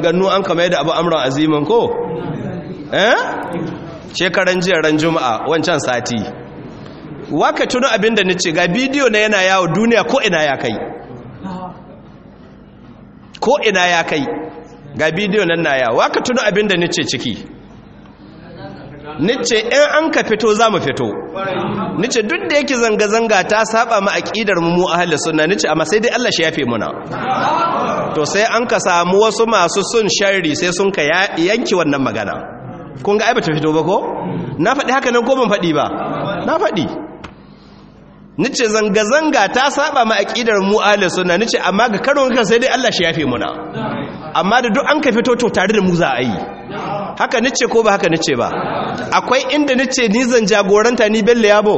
gannu an kama yadda abu amuran aziman ko eh shekaran jiya ran juma'a wancan sati waka tuno abin da nace ga bidiyo na yana yawo duniya ko ina ya kai ko ina ya kai ga bidiyo nan na yawo waka tuno abin da nace ciki nace in an ka fito za mu fito nace duk da yake zanga zanga ta saba mu aqidar mu mu ahli sunna nace amma sai dai Allah shi yafe muna to sai an ka samu wasu masu sun shari sai sun ka yanki wannan magana kun ga aibata fito ba ko na faɗi haka nan ko ban faɗi ba na faɗi nice zanga-zanga ta saba ma aƙidar mu ahli sunna nice amma ga karon kan sai dai Allah shi yafe muna amma da duk an ka fito to tare da mu za a yi haka nice ko ba haka nice ba akwai inda nice ni zan jagoranta ni Bello yabo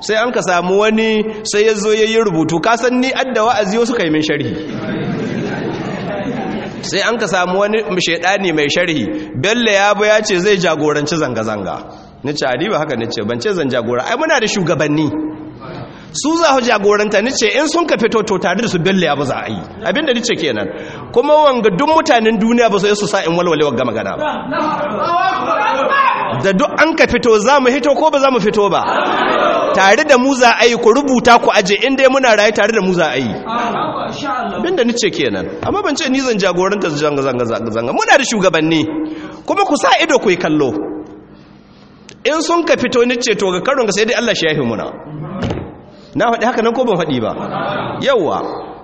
sai an ka samu wani sai ya zo ya yi rubutu kasan ni adda wa'azi wasu kai min sharhi sai an ka samu wani shaidani mai sharhi bello ya bu ya ce zai jagoranci zanga-zanga ni ce adi ba haka ni ce ban ce zan jagora ai muna da shugabanni su za su jagoranta ni ce in sun ka fito to tare da su bello ya bu za a yi abinda ni ce kenan kuma wanga duk mutanen duniya ba su yi su sa in walwale wa gama gana ba da duk an ka fito za mu hito ko ba za mu fito ba tare da mu za a yi ku rubuta ku aje in dai muna rayu tare da mu za a yi bin da nice kenan amma ban ce ni zan jagoranta zanga zanga zanga muna da shugabanni kuma ku sa ido ku yi kallo in sun ka fito nice to ga karon ga sai dai Allah shi ya muna na faɗi haka nan ko ban faɗi ba yawwa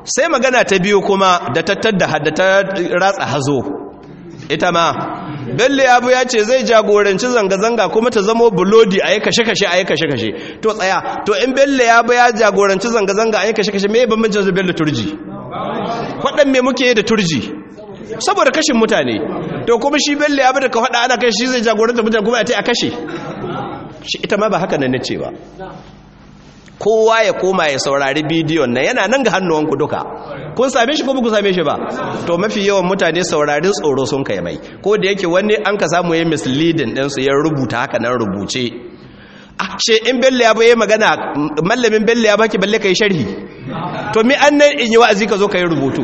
sai magana ta biyu kuma da tattar da ratsa hazo ita ma bello abu ya ce zai jagoranci zanga-zanga kuma ta zamo bulodi a yi kashe-kashe a yi kashe-kashe to tsaya to in bello abu ya jagoranci zanga-zanga a yi kashe-kashe mai bambancin su bello turji waɗan me muke yi da turji saboda kashin mutane to kuma shi bello abu da ka faɗa ana kai shi zai jagoranta mutane kuma a ta a kashe shi ita ma ba haka nan na ce ba kowa ya koma ya saurari bidiyon nan yana nan ga hannuwanku duka kun same shi ko ku same shi ba to mafi yawan mutane saurarin tsoro sun kai mai ko da yake wani an ka samu ya misleading ɗinsu ya rubuta haka nan rubuce a ah, ce in bello ya yi magana mallamin bello ya baki balle kai sharhi to mi an nan in yi wa'azi ka zo ka rubutu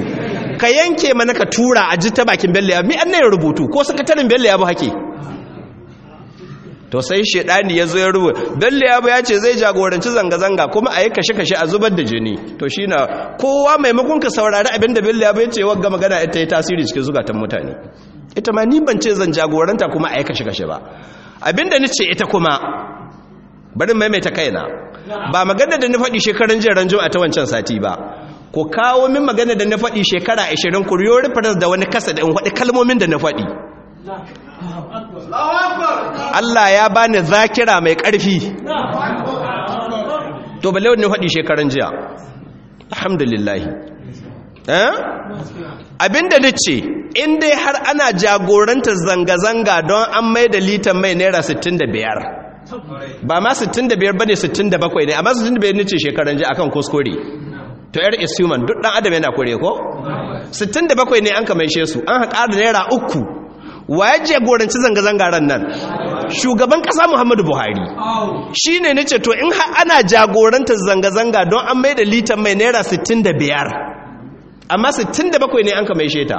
ka yanke mana ka tura a ji bakin bello ya mi an nan rubutu ko sakataren bello ya bu hake to sai shedani ya zo ya rubu dalle yabo ya ce zai jagoranci zanga-zanga kuma a yi kashe-kashe a zubar da jini to shi na kowa maimakon ka saurari abin da billa yabo ya ce wagga magana ita yi tasiri cikin zugatan mutane ita ma ni ban ce zan jagoranta kuma a yi kashe-kashe ba abin da ni ce ita kuma bari maimaita kaina ba magana da na faɗi shekaran jin ranjo a ta wancan sati ba Ko kawo min magana da na faɗi shekara 20 ku riyo da wani kasa da in faɗi kalmomin da na faɗi Allah ya bani zakira mai ƙarfi to balle wani faɗi shekaran jiya Alhamdulillahi. Eh? abinda na ce in dai har ana jagoranta zanga-zanga don an mai da litan mai naira 65 ba ma 65 ba ne 67 ne amma 65 ne ce shekaran jiya akan kuskure to yar is human duk dan adam yana kore ko 67 ne an kamaishe su an haƙar da naira uku wa ya jagoranci zanga-zangaren nan shugaban kasa muhammadu buhari shi ne na ce to in ana jagoranta zanga-zanga don an mai da litan mai naira 65 amma 67 ne an ka mai sheta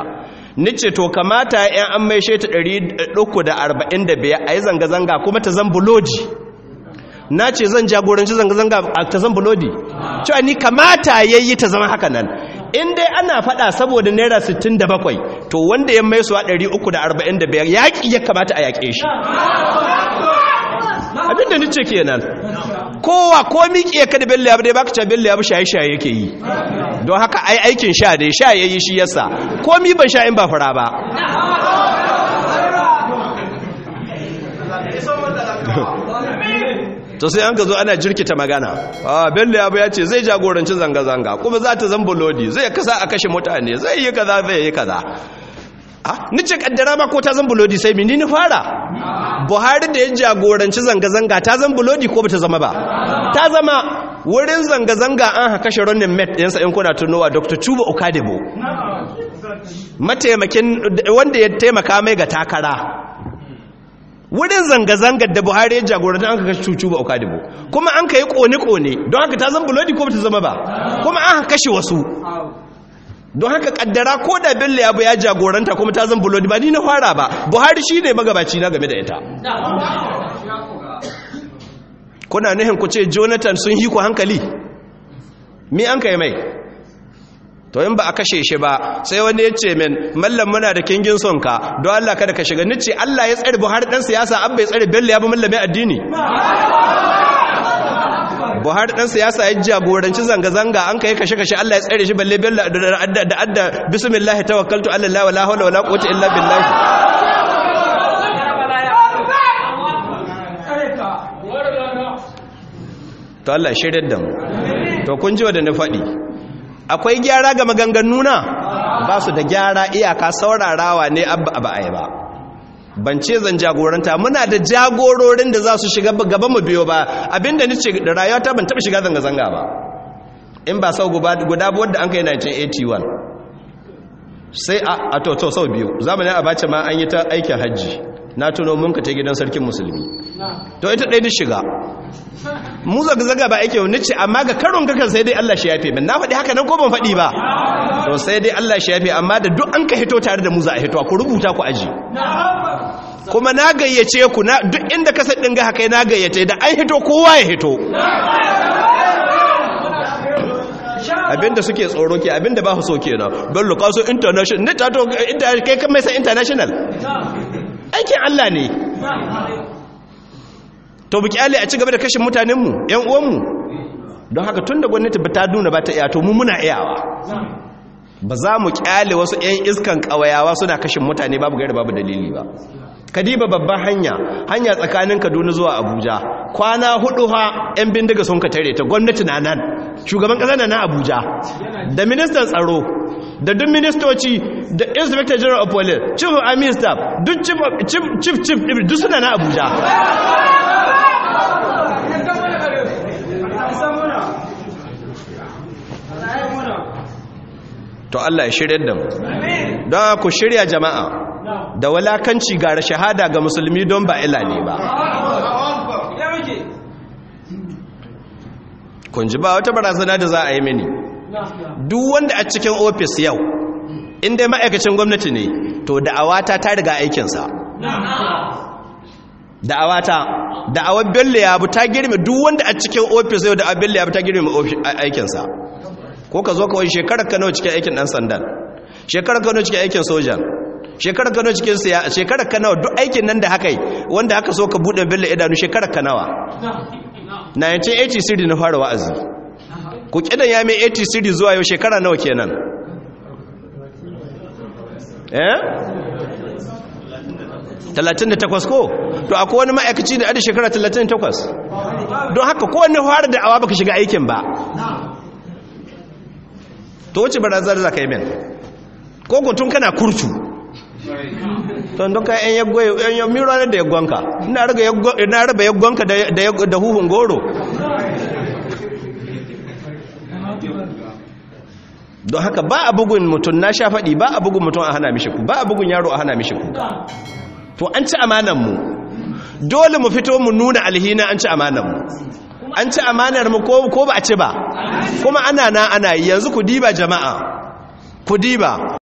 ni ce to kamata yan an mai sheta 345 a yi zanga-zanga kuma ta zan buloji na ce zan jagoranci zanga-zanga ta zan cewa ni kamata ya yi ta zama haka nan in dai ana faɗa saboda naira 67 to wanda ya mai suwa 345 yaƙi ya kamata a yaƙe shi abinda ni ce kenan kowa ko miƙe ya kada bello ya dai baka ce belle abu shaye-shaye yake yi don haka ai aikin sha dai sha yayi shi yasa komi ban sha in ba fara ba to sai an ka zo ana jirkita magana a bello ya ya ce zai jagoranci zanga-zanga kuma za ta zamba lodi zai kasa a kashe mutane zai yi kaza zai yi kaza a nice kaddara ma ko ta zamba lodi sai mini ni fara buhari da ya jagoranci zanga-zanga ta zamba lodi ko ba ta zama ba ta zama wurin zanga-zanga an ha shi ronin met yansa in kuna tunowa dr tuba okadebo mataimakin wanda ya taimaka mai ga takara wurin zanga-zangar da buhari ya jagoranta an kashe cucu ba okadibo kuma an ka yi kone-kone don haka ta zan bulodi ko ta zama ba kuma an kashe wasu don haka kaddara ko da bello ya ya jagoranta kuma ta zan bulodi ba ni na fara ba buhari shi ne magabaci na game da ita kuna nuhin ku ce jonathan sun yi ku hankali me an ka yi mai to in ba a kashe shi ba sai wani ya ce min mallam muna da kingin son ka don Allah kada ka shiga nice Allah ya tsare Buhari dan siyasa an bai tsare Bello ya bi mallamin addini Buhari dan siyasa ya jagoranci zanga zanga an kai kashe kashe Allah ya tsare shi balle Bello da adda bismillah tawakkaltu ala Allah wala hawla wala quwwata illa billah to Allah shirye da mu to kun ji wa da na faɗi akwai gyara ga maganganu na ba su da gyara iyaka saurarawa ne abba a ba ban ce zan jagoranta muna da jagororin da za su shiga gaba mu biyo ba abinda ni ce da rayuwa ta ban taba shiga zanga-zanga ba in ba sau guda wadda an kai 1981 sai a to sau biyu zamanin bace ma an yi ta aikin hajji na tuno mun ka ta gidan sarkin musulmi to ita ɗaya da shiga mu zaga-zaga ba ake wani ce amma ga karon kakan sai dai Allah shi ya fi na faɗi haka nan ko ban faɗi ba to sai dai Allah shi ya fi amma da duk an ka hito tare da mu za a hito ku rubuta ku aji kuma na gayyace ku na duk inda ka sadin ga haka na gayyace da an hito kowa ya hito abinda suke tsoro ke abinda ba su so kenan bello kaso international ne ta to kai kan mai sai international aikin Allah ne to buki Allah a ci gaba da kashin mutanenmu yan uwanmu don haka tunda gwamnati ba ta nuna ba ta iya to mu muna iyawa ba za mu kyale wasu yan iskan kawayawa suna kashin mutane babu gaira babu dalili ba kadiba babban hanya hanya tsakanin kaduna zuwa abuja kwana hudu ha yan bindiga sun ka tare ta gwamnati na nan shugaban kasa na abuja da ministan tsaro da duk ministoci da inspector general of police chief of army staff duk chief chief duk suna na abuja to Allah ya shirya da mu don ku shirya jama'a da walakanci gara shahada ga musulmi don ba ila ne ba kun ji ba wata barazana da za a yi mini duk wanda a cikin ofis yau in dai ma'aikacin gwamnati ne to da'awata ta riga aikinsa da'awata da'awar bello ya bu ta girme duk wanda a cikin ofis yau da'awar bello ya bu ta girme aikinsa ko ka zo kawai shekarar kano cikin aikin ɗan sandan shekarar kano cikin aikin sojan shekarar kano cikin siya shekarar kanawa duk aikin nan da haka wanda haka so ka buɗe bello idanu shekarar kanawa 1980 sirri na fara wa'azi ku kida ya mai 80 series zuwa yau shekara nawa kenan eh 38 ko to akwai wani ma'aikaci da adi shekara 38 don haka kowanne fara da awa baka shiga aikin ba to wace barazar za ka yi min ko tun kana kurtu don duka yan yaggwai, yan yammiro da yaggonka ina raba yaggonka da huhun goro don haka ba a bugun mutum na sha faɗi ba a bugun mutum a hana mishi ku ba a bugun yaro a hana mishi ku to an ci amananmu dole mu fito mu nuna alhina an ci amananmu an ci amanar mu ko ba a ci ba kuma ana na ana yanzu ku diba jama'a ku diba